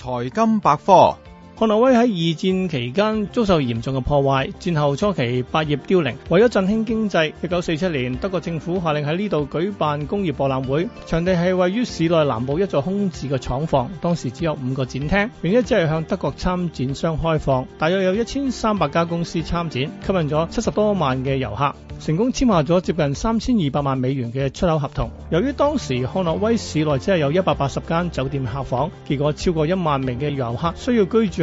財金百科。漢諾威喺二戰期間遭受嚴重嘅破壞，戰後初期百業凋零。為咗振興經濟，一九四七年德國政府下令喺呢度舉辦工業博覽會，場地係位於市內南部一座空置嘅廠房，當時只有五個展廳，並且只係向德國參展商開放。大約有一千三百家公司參展，吸引咗七十多萬嘅遊客，成功簽下咗接近三千二百萬美元嘅出口合同。由於當時漢諾威市內只係有一百八十間酒店客房，結果超過一萬名嘅遊客需要居住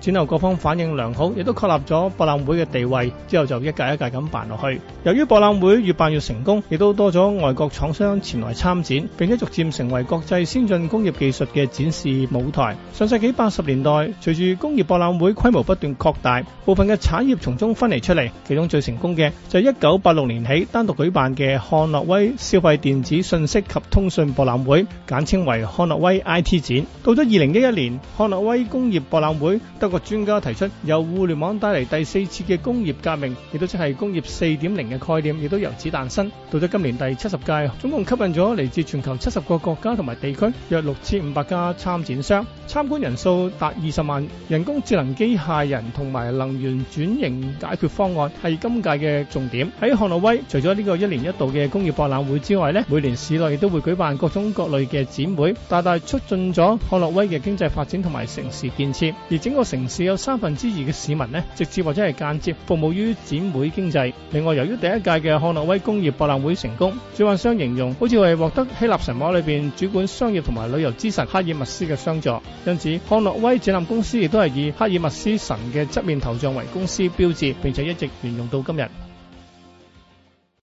展後各方反應良好，亦都確立咗博覽會嘅地位，之後就一屆一屆咁辦落去。由於博覽會越辦越成功，亦都多咗外國廠商前來參展，並且逐漸成為國際先進工業技術嘅展示舞台。上世紀八十年代，隨住工業博覽會規模不斷擴大，部分嘅產業從中分離出嚟，其中最成功嘅就係一九八六年起單獨舉辦嘅漢諾威消費電子信息及通訊博覽會，簡稱為漢諾威 IT 展。到咗二零一一年，漢諾威工業博覽會，一個專家提出，由互聯網帶嚟第四次嘅工業革命，亦都即係工業四點零嘅概念，亦都由此誕生。到咗今年第七十屆，總共吸引咗嚟自全球七十個國家同埋地區約六千五百家參展商，參觀人數達二十萬。人工智能、機械人同埋能源轉型解決方案係今屆嘅重點。喺漢諾威，除咗呢個一年一度嘅工業博覽會之外，呢每年市內亦都會舉辦各種各類嘅展會，大大促進咗漢諾威嘅經濟發展同埋城市建設。而整個城城市有三分之二嘅市民呢，直接或者係間接服務於展會經濟。另外，由於第一屆嘅漢諾威工業博覽會成功，主辦商形容，好似係獲得希臘神話裏邊主管商業同埋旅遊之神赫爾墨斯嘅相助，因此漢諾威展覽公司亦都係以赫爾墨斯神嘅側面頭像為公司標誌，並且一直沿用到今日。